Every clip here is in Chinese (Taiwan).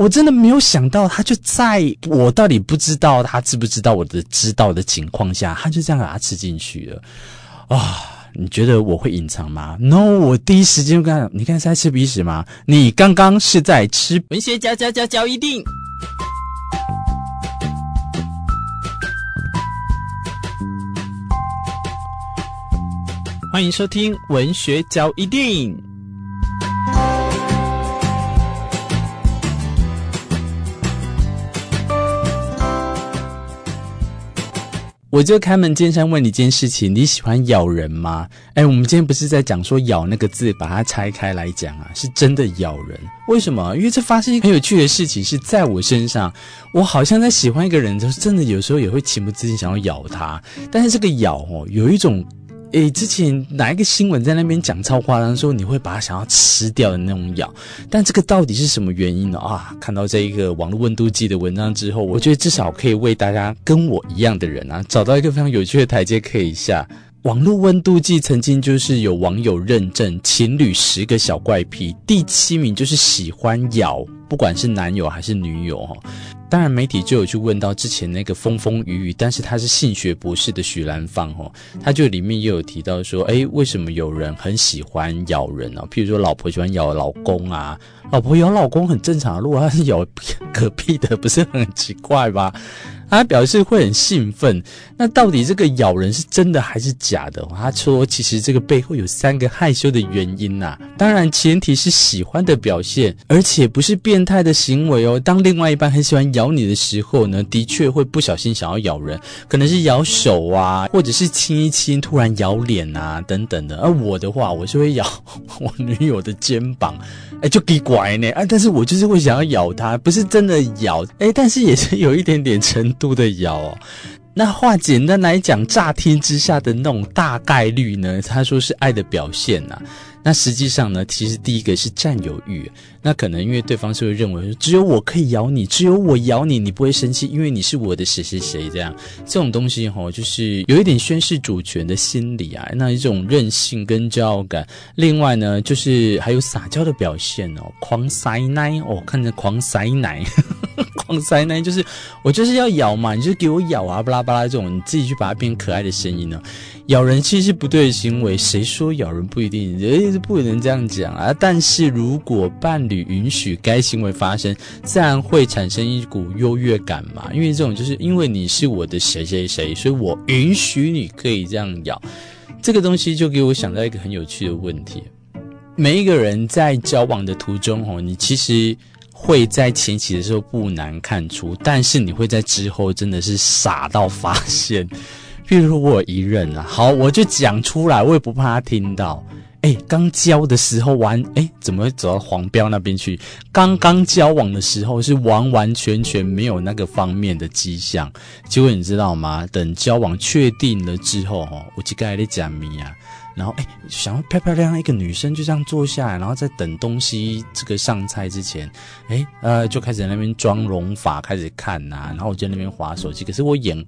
我真的沒有想到，他就在我到底不知道他知不知道我的知道的情況下，他就這樣把它吃進去了。啊、哦，你覺得我會隱藏嗎？No，我第一時間就看，你剛才是在吃鼻屎嗎？你剛剛是在吃文學嚼嚼嚼一定，歡迎收聽文學嚼一定。我就開門見山問你一件事情：你喜歡咬人嗎？哎，我們今天不是在講說咬那個字，把它拆開來講啊，是真的咬人。為什麼？因為這發生一個很有趣的事情是在我身上，我好像在喜歡一個人的時候，真的有時候也會情不自禁想要咬他，但是這個咬哦，有一種。誒、欸，之前哪一個新聞在那邊講超誇張，說你會把它想要吃掉的那種咬，但這個到底是什麼原因呢？啊，看到這一個網絡溫度計的文章之後，我覺得至少可以為大家跟我一樣的人啊，找到一個非常有趣的台階可以下。網絡溫度計曾經就是有網友認證情侶十個小怪癖，第七名就是喜歡咬，不管是男友還是女友哈。當然，媒體就有去問到之前那個風風雨雨，但是他是性學博士的許蘭芳，他就裡面也有提到說，哎，為什麼有人很喜歡咬人呢？譬如說，老婆喜歡咬老公啊，老婆咬老公很正常，如果他是咬隔壁的，不是很奇怪吧？他表示會很興奮，那到底這個咬人是真的還是假的？哦、他說其實這個背後有三個害羞的原因吶、啊，當然前提是喜歡的表現，而且不是變態的行為哦。當另外一半很喜歡咬你的時候呢，的確會不小心想要咬人，可能是咬手啊，或者是親一親，突然咬臉啊，等等的。而我的話，我是會咬我女友的肩膀，哎、欸，就奇怪呢，啊，但是我就是會想要咬她，不是真的咬，哎、欸，但是也是有一點點成。對不對？咬哦，那話簡單來講，乍聽之下的那種大概率呢，他說是愛的表現吶、啊。那實際上呢，其實第一個是占有慾，那可能因為對方是會認為說，只有我可以咬你，只有我咬你，你不會生氣，因為你是我的誰誰誰這樣。這種東西哦，就是有一點宣示主權的心理啊，那一種任性跟驕傲感。另外呢，就是還有撒嬌的表現哦，狂塞奶哦，看着狂塞奶。 放災難就是我就是要咬嘛，你就給我咬啊，巴拉巴拉這種，你自己去把它變可愛的聲音呢、啊。咬人其實是不對的行為，誰說咬人不一定？人也是不能這樣講啊。但是如果伴侶允許該行為發生，自然會產生一股優越感嘛。因為這種就是因為你是我的誰誰誰，所以我允許你可以這樣咬。這個東西就給我想到一個很有趣的問題：每一個人在交往的途中哦，你其實。會在前期的時候不難看出，但是你會在之後真的是傻到發現。比如我一任啊，好，我就講出來，我也不怕他聽到。哎，剛交的時候玩，哎，怎麼會走到黃標那邊去？剛剛交往的時候是完完全全沒有那個方面的跡象。結果你知道嗎？等交往確定了之後，我就跟阿力講你啊。然後哎，想要漂漂亮亮一個女生就這樣坐下來，然後在等東西這個上菜之前，哎呃，就開始在那邊妝容法開始看吶、啊，然後我就在那邊滑手機，可是我眼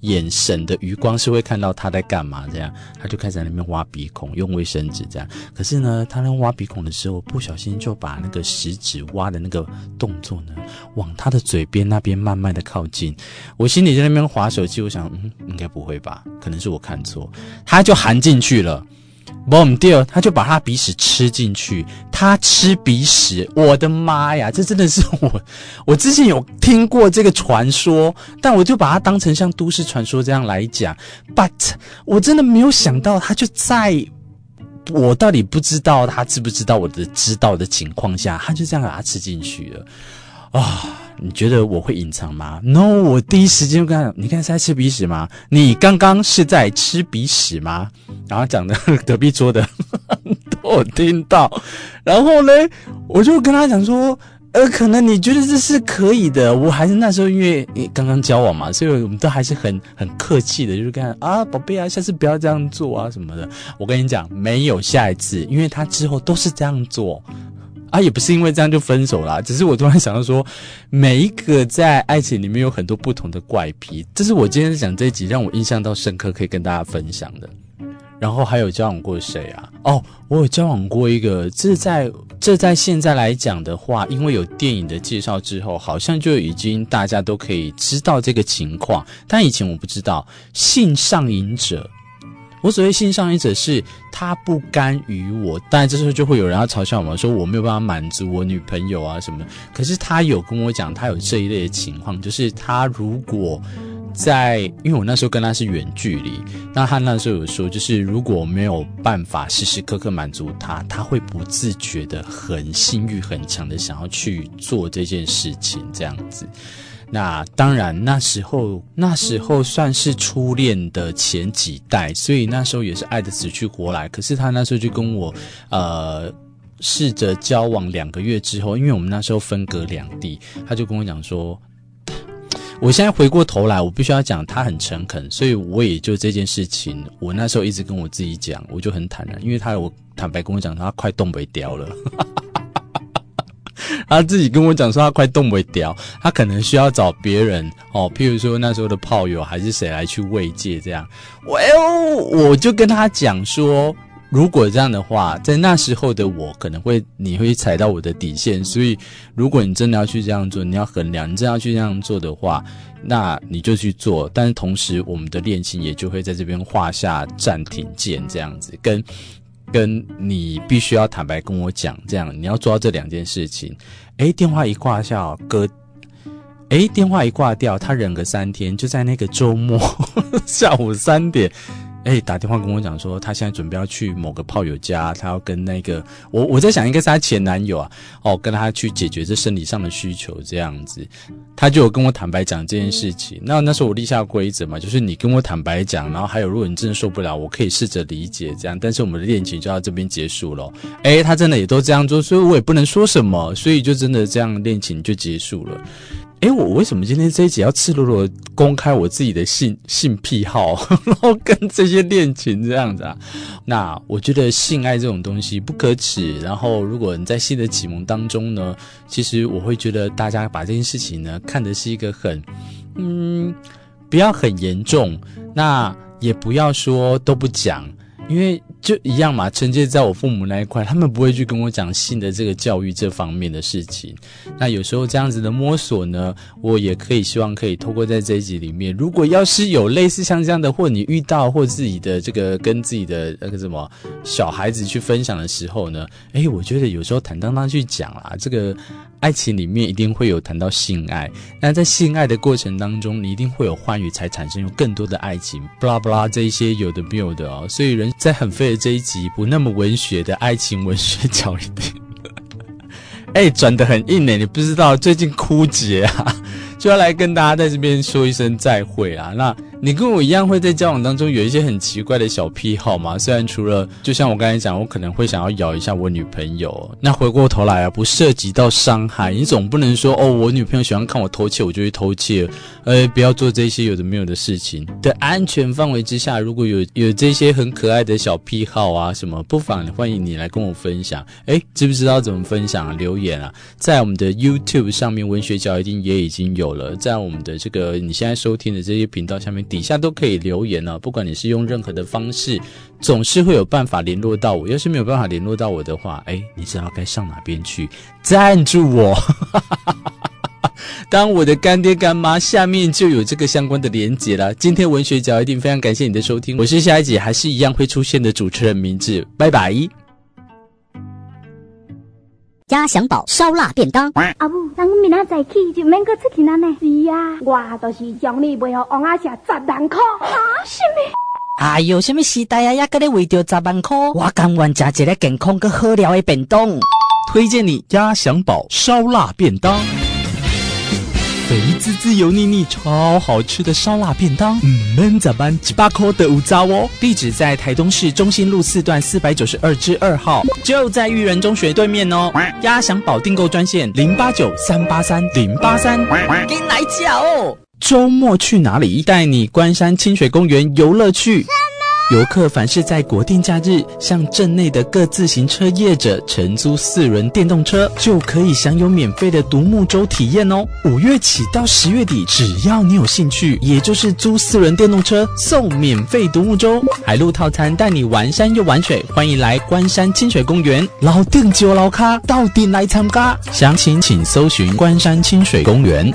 眼神的餘光是會看到她在幹嘛這樣，她就開始在那邊挖鼻孔，用衛生紙這樣。可是呢，她那挖鼻孔的時候，不小心就把那個食指挖的那個動作呢，往她的嘴邊那邊慢慢的靠近。我心裡在那邊滑手機，我想嗯，應該不會吧，可能是我看錯，她就含進去了。Boom！他就把他鼻屎吃進去。他吃鼻屎，我的媽呀！這真的是我，我之前有聽過這個傳說，但我就把它當成像都市傳說這樣來講。But 我真的沒有想到，他就在我到底不知道他知不知道我的知道的情況下，他就這樣把它吃進去了。啊、哦，你覺得我會隱藏嗎？No，我第一時間就跟他講，你剛才是在吃鼻屎嗎？你剛剛是在吃鼻屎嗎？然後講的隔壁桌的呵呵都我聽到，然後呢，我就跟他講說，呃，可能你覺得這是可以的，我還是那時候因為，因為剛剛交往嘛，所以我們都還是很很客氣的，就是跟他啊，寶貝啊，下次不要這樣做啊什麼的。我跟你講，沒有下一次，因為他之後都是這樣做。啊，也不是因為這樣就分手啦啊，只是我突然想到說，每一個在愛情裡面有很多不同的怪癖，這是我今天講這一集讓我印象到深刻，可以跟大家分享的。然後還有交往過誰啊？哦，我有交往過一個，這在這在現在來講的話，因為有電影的介紹之後，好像就已經大家都可以知道這個情況，但以前我不知道性上癮者。我所謂性上癮者是他不甘於我，當然這時候就會有人要嘲笑我，說我沒有辦法滿足我女朋友啊什麼。可是他有跟我講，他有這一類的情況，就是他如果在，因為我那時候跟他是遠距離，那他那時候有說，就是如果沒有辦法時時刻刻滿足他，他會不自覺的很性慾很強的想要去做這件事情，這樣子。那當然，那時候那時候算是初戀的前幾代，所以那時候也是愛得死去活來。可是他那時候就跟我，呃，試着交往兩個月之後，因為我們那時候分隔兩地，他就跟我講說，我現在回過頭來，我必須要講，他很誠懇，所以我也就這件事情，我那時候一直跟我自己講，我就很坦然，因為他我坦白跟我講，他快凍未條了。 他自己跟我講說，他快凍未條，他可能需要找別人哦，譬如說那時候的炮友還是誰來去慰藉這樣。我、well, 我就跟他講說，如果這樣的話，在那時候的我可能會你會踩到我的底線，所以如果你真的要去這樣做，你要衡量，你真的要去這樣做的話，那你就去做。但是同時，我們的戀情也就會在這邊畫下暫停鍵，這樣子跟。跟你必須要坦白跟我講，這樣你要做到這兩件事情。哎、欸，電話一掛下，哥，哎、欸，電話一掛掉，他忍個三天，就在那個週末，呵呵，下午三點。誒、欸，打電話跟我講說，他現在準備要去某個炮友家，他要跟那個我，我在想應該是他前男友啊，哦，跟他去解決這生理上的需求這樣子，他就有跟我坦白講這件事情。那那時候我立下規則嘛，就是你跟我坦白講，然後還有如果你真的受不了，我可以試着理解這樣，但是我們的戀情就到這邊結束了。誒、欸，他真的也都這樣做，所以我也不能說什麼，所以就真的這樣戀情就結束了。哎，我為什麼今天這一集要赤裸裸公開我自己的性性癖好，然後跟這些戀情這樣子啊？那我覺得性愛這種東西不可恥，然後如果你在性的啟蒙當中呢，其實我會覺得大家把這件事情呢看的是一個很，嗯，不要很嚴重，那也不要說都不講，因為。就一樣嘛，承接在我父母那一塊，他們不會去跟我講性的這個教育這方面的事情。那有時候這樣子的摸索呢，我也可以希望可以透過在這一集裡面，如果要是有類似像這樣的，或你遇到，或自己的這個跟自己的那個什麼小孩子去分享的時候呢，誒，我覺得有時候坦蕩蕩去講啊，這個。愛情裡面一定會有談到性愛，那在性愛的過程當中，你一定會有歡愉，才產生有更多的愛情。巴拉巴拉這一些，有的沒有的哦，所以人在很廢的這一集，不那麼文學的愛情文學角一邊，哎、 欸，轉得很硬呢，、欸。你不知道最近枯竭啊，就要來跟大家在這邊說一聲再會啊，那。你跟我一樣會在交往當中有一些很奇怪的小癖好嗎？雖然除了就像我剛才講，我可能會想要咬一下我女朋友。那回過頭來啊，不涉及到傷害，你總不能說哦，我女朋友喜歡看我偷竊，我就去偷竊。呃，不要做這些有的沒有的事情。的安全範圍之下，如果有有這些很可愛的小癖好啊，什麼，不妨歡迎你來跟我分享。誒，知不知道怎麼分享啊？留言啊，在我們的 YouTube 上面，文嚼字一定也已經有了。在我們的這個你現在收聽的這些頻道下面。底下都可以留言哦，啊、不管你是用任何的方式，總是會有辦法聯絡到我。要是沒有辦法聯絡到我的話，哎，你知道該上哪邊去贊助我， 當我的乾爹乾媽。下面就有這個相關的連接了。今天文學角一定非常感謝你的收聽，我是下一集，還是一樣會出現的主持人名字。拜拜。鴨翔寶燒臘便當。哇阿母，咱明仔早起就免擱出去啦呢。是啊，我、就是獎勵袂，給王阿伯賺萬塊。什麼？哎呦，什麼時代呀、啊，還擱咧為着萬塊？我甘願食一個健康擱好料的便當。推薦你鴨翔寶燒臘便當。肥滋滋、油膩膩、超好吃的燒臘便當，嗯們咋辦？七八顆豆五渣哦！地址在台東市中心路四段四百九十二之二號，就在育仁中學對面哦。鴨翔寶訂購專線零八九三八三零八三，給你來哦。週末去哪裡？帶你關山清水公園遊樂去。 遊客凡是在國定假日向鎮內的各自行車業者承租四輪電動車，就可以享有免費的獨木舟體驗哦。五月起到十月底，只要你有興趣，也就是租四輪電動車送免費獨木舟海陸套餐，帶你玩山又玩水。歡迎來關山親水公園，老店酒老咖，到底來參加？詳情請，請搜尋關山親水公園。